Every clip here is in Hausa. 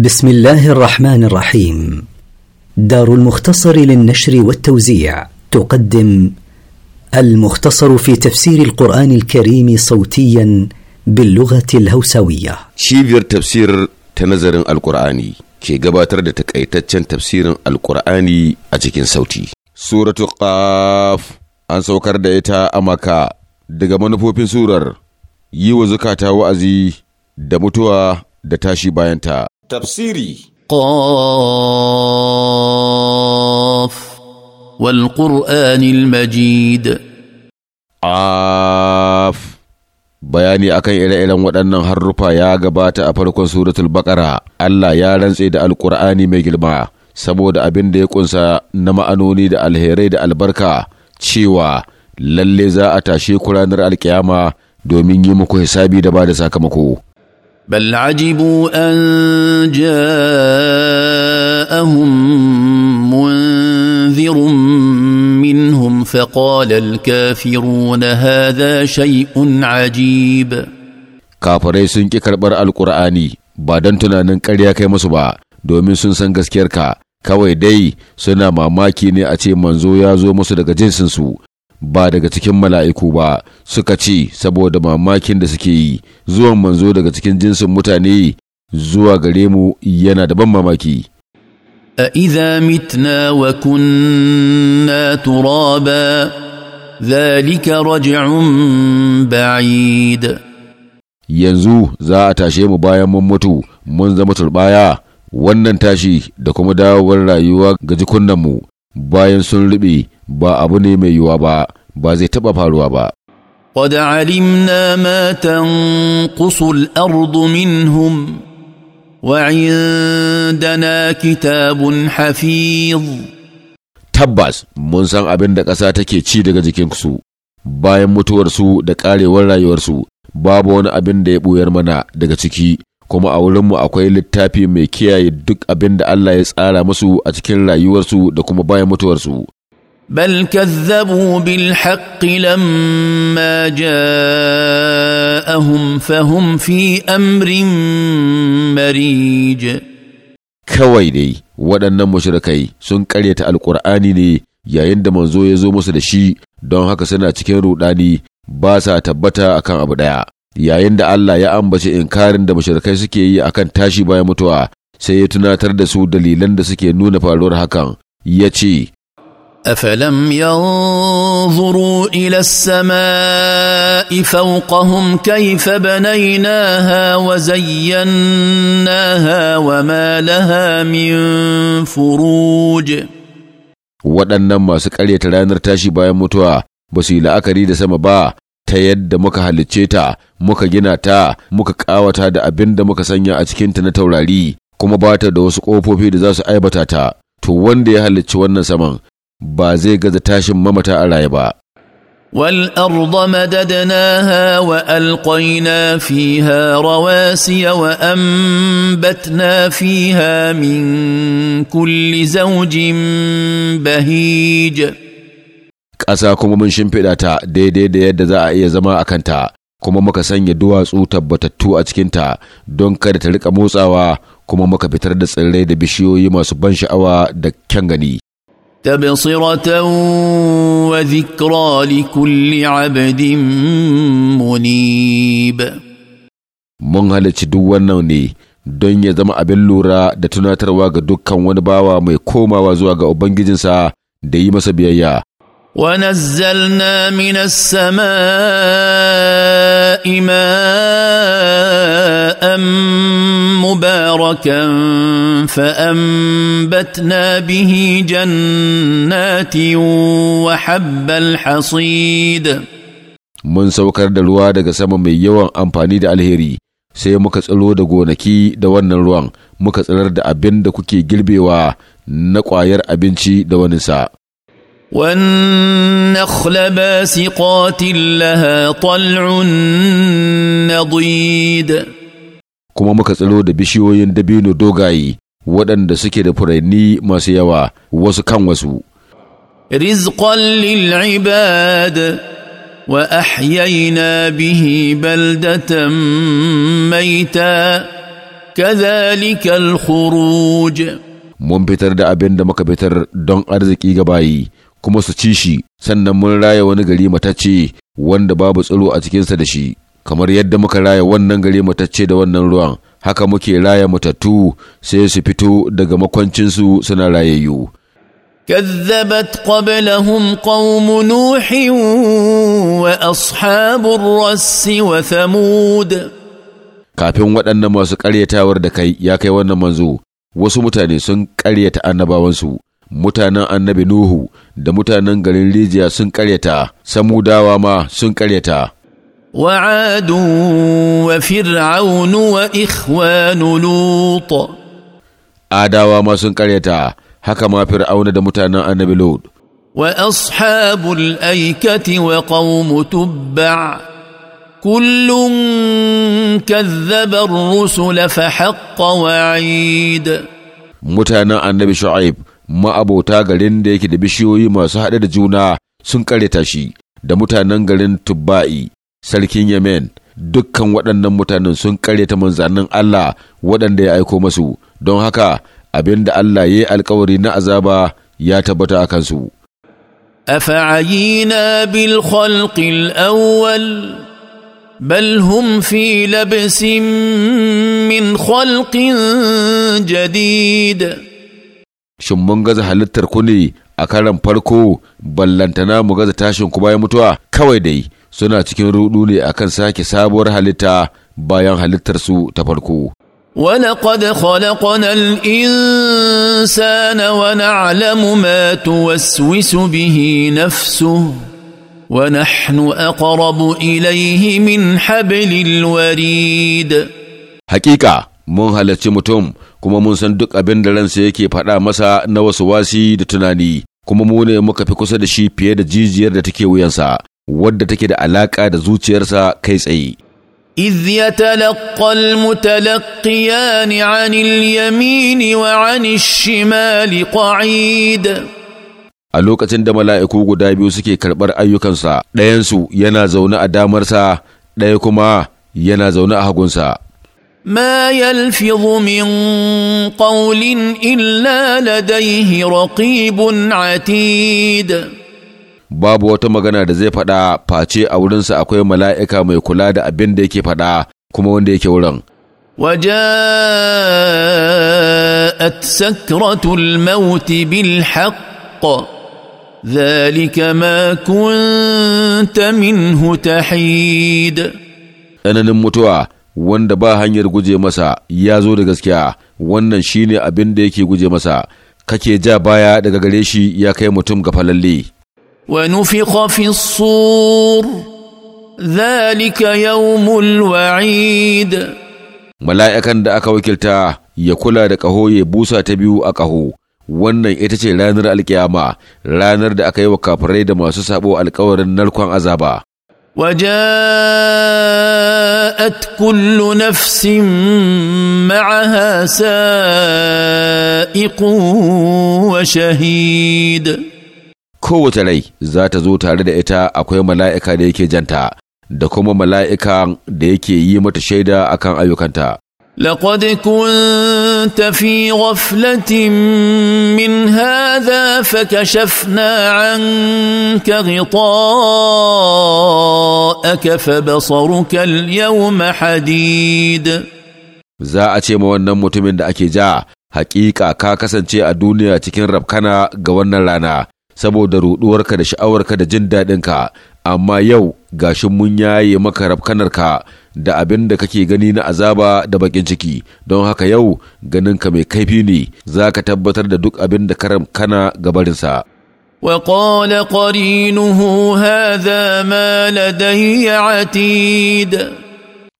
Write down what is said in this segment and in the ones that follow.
بسم الله الرحمن الرحيم دار المختصر للنشر والتوزيع تقدم المختصر في تفسير القرآن الكريم صوتيا باللغة الهوسوية شيفير تفسير تنظر القرآني كي قباتر تكأيتتشن تفسير القرآني أجيكين صوتي سورة قاف أن سوكر دايتا أمكا daga manufofin surar yi wa zukata wa'azi da mutuwa tafsiri قاف والقرآن المجيد bayani akan ire-iren waɗannan harrufa ya gabata a farkon suratul baƙara Allah ya rantse da alƙur'ani mai girma saboda abin da ya ƙunsa na ma'anoni da alherai da albarka cewa lalle za a tashe ku ranar alƙiyama domin yi muku hisabi da ba da sakamako بل عجبوا ان جاءهم منذر منهم فقال الكافرون هذا شيء عجيب kafirai sun ƙi karɓar alƙur'ani ba don tunanin ƙarya kai musu ba domin sun san gaskiyar ka, kawai dai suna mamaki ne a ce manzo ya zo masu daga jinsinsu ba daga cikin mala'iku ba suka ce saboda mamakin da suke yi zuwan manzo daga cikin jinsin mutane zuwa gare mu yana da ban mamaki a iza mitna wa kunna turaba zalika raj'un ba'id yanzu za a tashe mu bayan mun mutu mun zama turbaya wannan tashi da kuma dawowar rayuwa ga jikunanmu bayan sun ruɓe. ba abu ne mai yiwuwa ba ba zai taɓa faruwa ba قد kusul ما minhum الارض منهم وعندنا kitabun hafiz tabbas mun san abin da ƙasa take ci daga jikinsu bayan mutuwarsu da ƙarewar rayuwarsu babu wani abin da ya ɓuyar mana daga ciki kuma a wurinmu akwai littafi mai kiyaye duk abin da Allah ya tsara musu a cikin rayuwarsu da kuma bayan mutuwarsu بل كذبوا بالحق لما جاءهم فهم في امر مريج kawai dai waɗannan mashirikai sun ƙaryata alƙur'ani ne yayin da manzo ya zo musu da shi don haka suna cikin ruɗani ba sa tabbata akan abu ɗaya yayin da Allah ya ambaci inkarin da mashirikai suke yi akan tashi bayan mutuwa sai ya tunatar da su dalilan da suke nuna faruwar hakan ya ce افلم ينظروا الى السماء فوقهم كيف بنيناها وزيناها وما لها من فروج waɗannan masu ƙaryata ranar tashi bayan mutuwa ba su yi la'akari da sama ba ta yadda muka halicce ta muka gina ta muka ƙawata da abin da muka sanya a cikinta na taurari kuma ba ta da wasu ƙofofi da za su aibata ta to wanda ya halicci wannan saman ba zai gaza tashin mamata a raye ba والارض مددناها والقينا فيها رواسي وانبتنا فيها من كل زوج بهيج ƙasa kuma mun shimfiɗa ta daidai da yadda za a iya zama a kanta kuma muka sanya duwatsu tabbatattu a cikinta don kada ta riƙa motsawa kuma muka fitar da tsirrai da bishiyoyi masu ban sha'awa da kyan gani تبصره وذكرى لكل عبد منيب mun halarci duk wannan ne don ya zama abin lura da tunatarwa ga dukkan wani bawa mai komawa zuwa ga ubangijinsa da yi masa biyayya ونزلنا من السماء ماء مباركا فانبتنا به جنات وحب الحصيد mun saukar da ruwa daga sama mai yawan amfani da alheri sai muka tsiro da gonaki da wannan ruwan muka tsirar da abin da kuke girbewa na ƙwayar abinci da waninsa والنخل باسقات لها طلع نضيد kuma muka tsiro da bishiyoyin dabino dogaye waɗanda suke da furanni masu yawa wasu kan wasu. Rizqan lil wa ahyayna bihi baldatan maita kadhalika al mun fitar da abinda muka fitar don arziki ga bayi kuma su ci shi sannan mun raya wani gari matacce wanda babu tsiro a cikinsa da shi kamar yadda muka raya wannan gari matacce da wannan ruwan haka muke raya matattu sai su fito daga makwancinsu suna rayayyu كذبت قبلهم قوم نوح واصحاب الرس وثمود kafin waɗannan masu ƙaryatawar da kai ya kai wannan manzo wasu mutane sun ƙaryata annabawansu mutanen annabi Nuhu da mutanen garin Rijiya sun ƙaryata, samudawa ma sun ƙaryata. وعاد wa وإخوان Lut. Adawa ma sun قريتا haka ma fir'auna da mutanen annabi Lut. wa ashabul aikati wa qaumu tubba kullun kadhaba ar-rusul fa haqqa wa'id mutanen annabi shu'aib ma'abota garin da yake da bishiyoyi masu haɗe da juna sun ƙareta shi da mutanen garin Tubba'i, sarkin Yemen, dukkan waɗannan mutanen sun ƙareta manzannin Allah waɗanda ya aiko masu, don haka abin da Allah ya yi alkawari na azaba ya tabbata a kansu. بل هم في لبس من خلق جديد shin mun gaza halittar ku ne a karan farko ballantana mu gaza tashin ku bayan mutuwa kawai dai suna cikin rudu ne akan sake sabuwar halitta bayan halittar su ta farko ولقد خلقنا الإنسان ونعلم ما توسوس به نفسه ونحن أقرب إليه من حبل الوريد حقيقة mun halarci mutum kuma mun san duk abin da ransa yake faɗa masa na wasu wasi da tunani kuma mu ne muka fi kusa da shi fiye da jijiyar da take wuyansa wadda take da alaƙa da zuciyarsa kai tsaye إذ يتلقى المتلقيان عن اليمين وعن الشمال قعيد a lokacin da mala'iku guda biyu suke karɓar ayyukansa ɗayansu yana zaune a damarsa ɗaya kuma yana zaune a hagunsa ما يلفظ من قول الا لديه رقيب عتيد babu wata magana da zai faɗa face a wurinsa akwai mala’ika mai kula da abin da yake faɗa kuma wanda yake wurin. waje sakratul mauti bil haqqo zalika ma kunta minhu ta mutuwa wanda ba hanyar guje masa ya zo da gaskiya wannan shine abin da yake guje masa kake ja baya daga gare shi ya kai mutum ga falalle wa nufiqa fi sur dhalika yawmul wa'id mala'ikan da aka wakilta ya kula da ƙaho ya busa ta biyu a ƙaho wannan ita ce ranar alkiyama ranar da aka yi wa kafirai da masu sabo alkawarin narkon azaba وجاءت كل نفس معها سائق وشهيد kowace rai za ta zo tare da ita akwai mala'ika da yake janta da kuma mala'ika da yake yi mata shaida akan ayyukanta لقد كنت في غفله من هذا فكشفنا عنك غطاءك فبصرك اليوم حديد za a ce ma wannan mutumin da ake ja hakika ka kasance a duniya cikin rabkana ga wannan rana saboda ruɗuwarka da sha'awarka da jin daɗinka amma yau gashin mun yaye maka rabkanarka da abin da kake gani na azaba da bakin ciki don haka yau ganinka mai kaifi ne za ka tabbatar da duk abin da karam kana gabarinsa وقال قرينه هذا ما لدي عتيد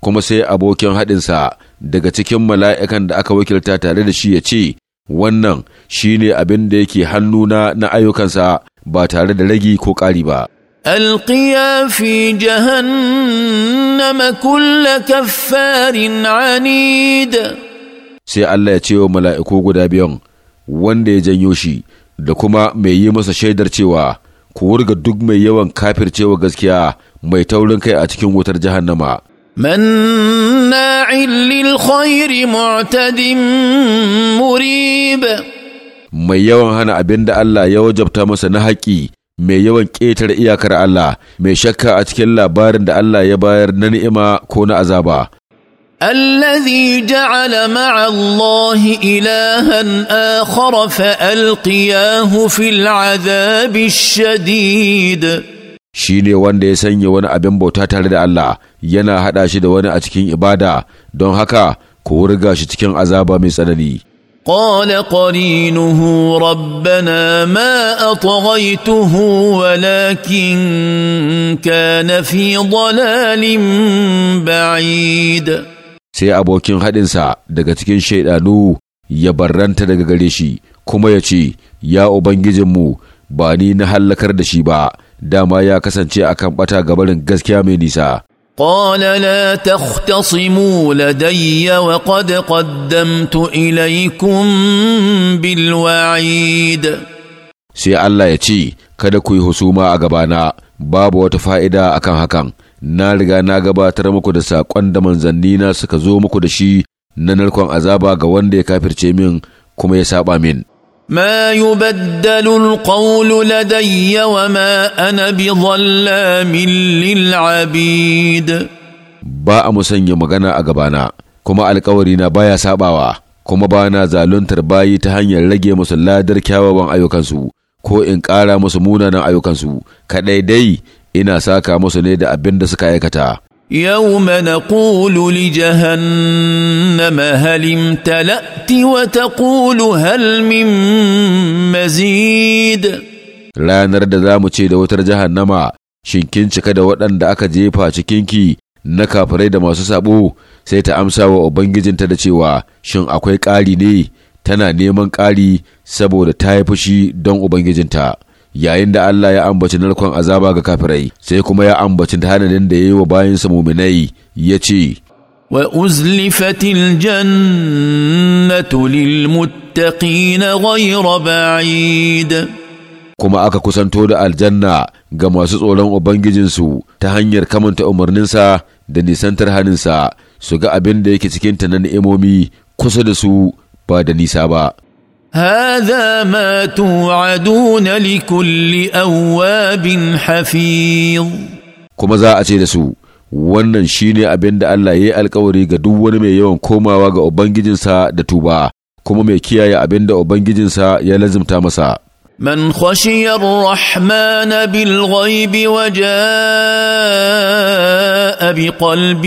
kuma sai abokin haɗinsa daga cikin mala'ikan da aka wakilta tare da shi ya ce wannan shine abin da yake hannuna na ayyukansa ba tare da ragi ko ƙari ba القيا في جهنم كل كفار عنيد sai Allah ya ce wa mala'iku guda biyan wanda ya janyo shi da kuma mai yi masa shaidar cewa ku wurga duk mai yawan kafircewa gaskiya mai taurin kai a cikin wutar jahannama. lil للخير mutadin Murib. mai yawan hana abin da Allah ya wajabta masa na haƙi mai yawan ƙetare iyakar Allah mai shakka a cikin labarin da Allah ya bayar na ni'ima ko na azaba الذي جعل مع الله إلها آخر فألقياه في العذاب الشديد shine wanda ya sanya wani abin bauta tare da Allah yana haɗa shi da wani a cikin ibada don haka ku wurga shi cikin azaba mai tsanani قال قرينه ربنا ما اطغيته ولكن كان في ضلال بعيد sai abokin haɗinsa daga cikin shaidanu ya barranta daga gare shi kuma ya ce ya ubangijinmu ba ni na hallakar da shi ba dama ya kasance akan ɓata gabarin gaskiya mai nisa قال لا تختصموا لدي وقد قدمت إليكم بالوعيد sai Allah ya ce, Kada ku yi husuma a gabana, babu wata fa'ida a kan hakan, na riga na gabatar muku da saƙon da manzannina suka zo muku da shi na narkon azaba ga wanda ya kafirce min kuma ya saɓa min. ما يبدل القول لدي وما أنا بظلام للعبيد ba a musanya magana a gabana kuma alkawarina baya sabawa kuma ba na zaluntar bayi ta hanyar rage musu ladar kyawawan ayyukansu ko in ƙara musu munanan ayyukansu kaɗai dai ina saka musu ne da abin da suka aikata يوم نقول لجهنم هل امتلأت وتقول هل من مزيد ranar da za mu ce da wutar jahannama kin cika da waɗanda aka jefa cikinki na kafirai da masu sabo sai ta amsa wa ubangijinta da cewa shin akwai ƙari ne tana neman ƙari saboda ta yi fushi don ubangijinta yayin da Allah ya ambaci narkon azaba ga kafirai sai kuma ya ambaci tanadin da ya yi wa bayansa muminai ya ce jannatu lil muttaqin ghayra ba'id kuma aka kusanto da aljanna ga masu tsoron Ubangijinsu ta hanyar kamanta umarninsa da nisantar haninsa su ga abin da yake cikinta na ni'imomi kusa da su ba da nisa ba. هذا ما توعدون لكل أواب حفيظ كما za a ce da su wannan shine abin da Allah ya yi alkawari ga duk wani mai yawan komawa ga ubangijinsa da tuba kuma mai kiyaye abin da ubangijinsa ya lazimta masa من خشي الرحمن بالغيب وجاء بقلب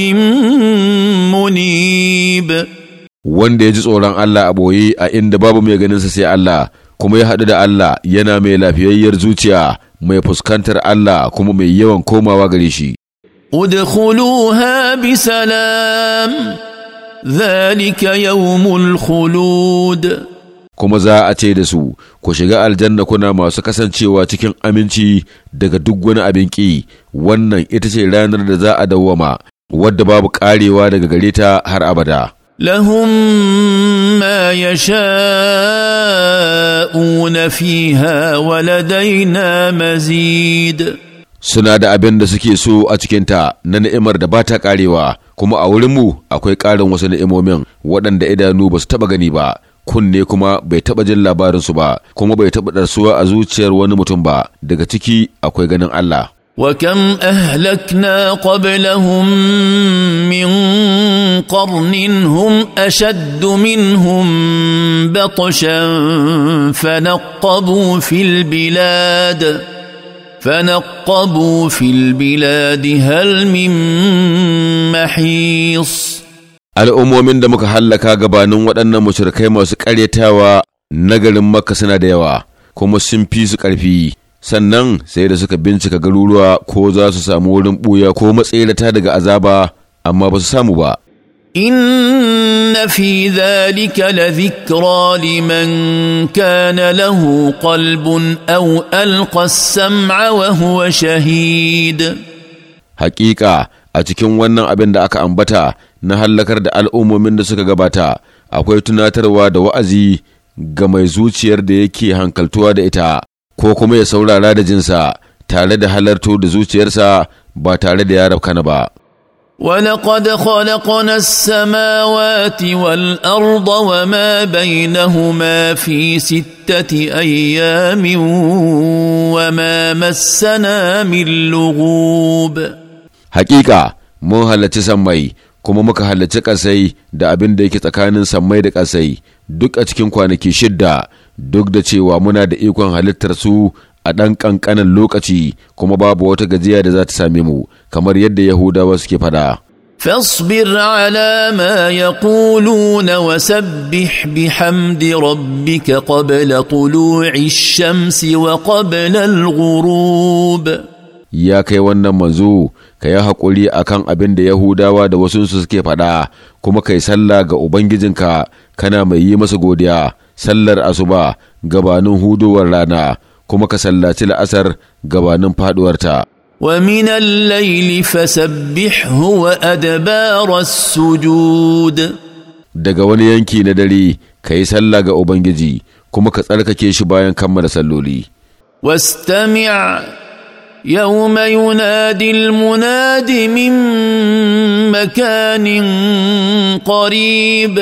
منيب wanda ya ji tsoron Allah a ɓoye a inda babu mai ganin ganinsa sai Allah kuma ya haɗu da Allah yana mai lafiyayyar zuciya mai fuskantar Allah kuma mai yawan komawa gare shi. Udkhuluha bi salam zalika yawmul khulud kuma za a ce da su ku shiga aljanna kuna masu kasancewa cikin aminci daga duk wani abin ki wannan ita ce ranar da za a dawwama wadda babu ƙarewa daga gare ta har abada. لهم ما يشاءون فيها ولدينا مزيد suna da abin da suke so a cikinta na ni'imar da ba ta karewa kuma a wurinmu akwai ƙarin wasu ni'imomin waɗanda idanu ba su taɓa gani ba kunne kuma bai taɓa jin labarinsu ba kuma bai taɓa ɗarsuwa a zuciyar wani mutum ba daga ciki akwai ganin Allah وكم اهلكنا قبلهم من قرن هم اشد منهم بطشا فنقبوا في البلاد فنقبوا في البلاد هل من محيص al'ummomin da muka hallaka gabanin waɗannan mashirkai masu ƙaryatawa na garin makka suna da yawa kuma sun fi su ƙarfi sannan sai da suka bincika garuruwa ko za su samu wurin ɓuya ko matsirata daga azaba amma ba su samu ba. Inna fi zalika la zikra liman kana lahu qalbun aw alqa sam'a wa huwa shahid. Hakika a cikin wannan abin da aka ambata na hallakar da al'ummomin da suka gabata akwai tunatarwa da wa'azi ga mai zuciyar da yake hankaltuwa da ita. ko kuma ya saurara da jinsa tare da halarto da zuciyarsa ba tare da ya kana ba. ولقد ma السماوات والارض وما بينهما في سته wa ma masana من lugub? حقيقه mun halarci sammai kuma muka halarci ƙasai da abin da yake tsakanin sammai da ƙasai duk a cikin kwanaki shidda duk da cewa muna da ikon halittar su a ɗan ƙanƙanin lokaci kuma babu wata gajiya da za ta same mu kamar yadda Yahudawa suke fada. فاصبر على na يقولون وسبح بحمد ربك قبل طلوع wa وقبل الغروب ya kai wannan manzo ka yi haƙuri a kan abin da Yahudawa da wasu suke faɗa kuma kai sallah ga Ubangijinka kana mai yi masa godiya sallar asuba gabanin hudowar rana kuma ka sallaci la'asar gabanin faduwarta. laili الليل wa adabarar sujud. daga wani yanki na dare ka yi sallah ga Ubangiji kuma ka tsarkake shi bayan kammala salloli. wastami'a يوم ينادي المناد من مكان قريب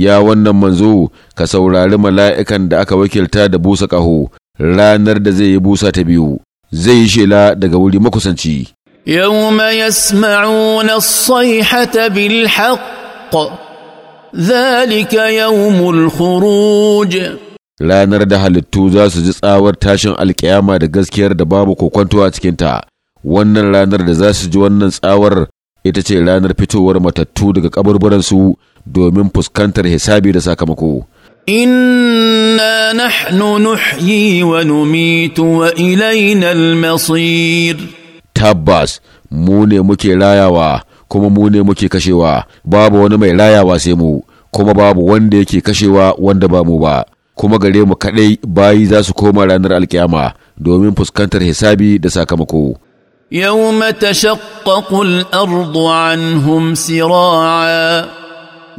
ya wannan manzo ka saurari mala'ikan da aka wakilta da busa ƙaho ranar da zai yi busa ta biyu zai yi shela daga wuri makusanci hata يسمعون الصيحة بالحق ذلك يوم الخروج ranar da halittu za su ji tsawar tashin alƙiyama da gaskiyar da babu kokwanto a cikinta wannan ranar da za su ji wannan tsawar ita ce ranar fitowar matattu daga kaburburansu domin fuskantar hisabi da sakamako. Inna nahnu nuhyi wa numitu wa ilainal masir. Tabbas, mu ne muke rayawa, kuma mu ne muke kashewa, babu wani mai rayawa sai mu, kuma babu wanda yake kashewa wanda ba mu ba. Kuma gare mu kaɗai bayi za su koma ranar alkiyama domin fuskantar hisabi da sakamako. يوم تشقق الأرض عنهم سراعاً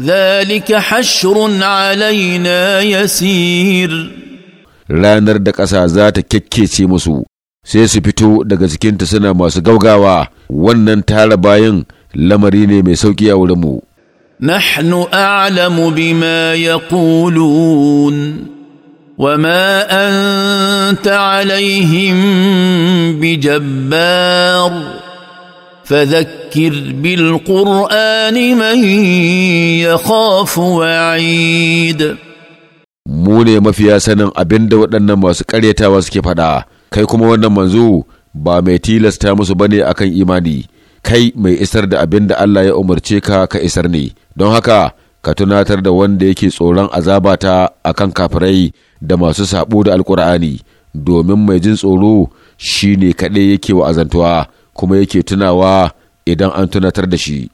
ذلك حشر علينا يسير ranar da ƙasa za ta kyakkece musu sai su fito daga cikinta suna masu gaugawa wannan tara bayan lamari ne mai sauƙi a wurinmu. نحن أعلم بما يقولون وما أنت عليهم بجبار فذكر بالقران من يخاف وعيد mu ne mafiya sanin abin da waɗannan masu ƙaryatawa suke faɗa kai kuma wannan manzo ba mai tilasta musu bane akan imani kai mai isar da abin da Allah ya umarce ka ka isar ne don haka ka tunatar da wanda yake tsoron azabata akan kafirai da masu saɓo da alkur'ani domin mai jin tsoro shine kaɗai yake wa azantuwa kuma yake tunawa idan an tunatar da shi